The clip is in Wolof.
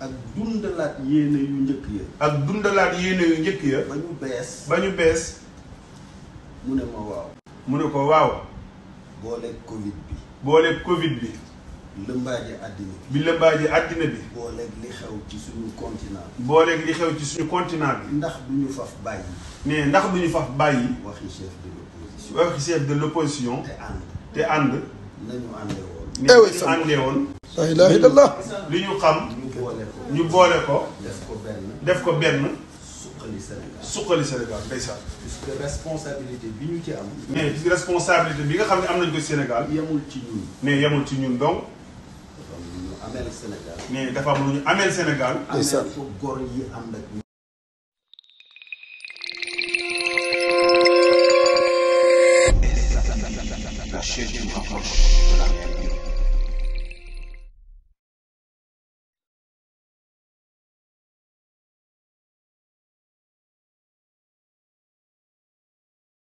ak dundalaat yéene yu njëkk ya ak dundalaat yéene yu njëkk ya ba ñu bees ba ñu bees mu ne ma waaw mu ne ko waaw booleeg covid bi covid bi lëmbaaje àddina bi bi lëmbaaje àddina bi booleeg li xew ci suñu continent bi li xew ci suñu continent bi ndax bu ñu faf bàyyi mais ndax du ñu faf bàyyi waxi chef de l'opposition waxi te ànd te ànd nañu àndee woon nañu àndee woon la ilaha illallah li ñu xam nous boole ko. def ko benn def ko benn. suqali Sénégal suqali Sénégal puisque responsabilité bi ci am. responsabilité bi nga xam ne ko Sénégal. yemul ci ñun. mais yemul ci ñun donc. Sénégal. mais dafa am ñu Sénégal. de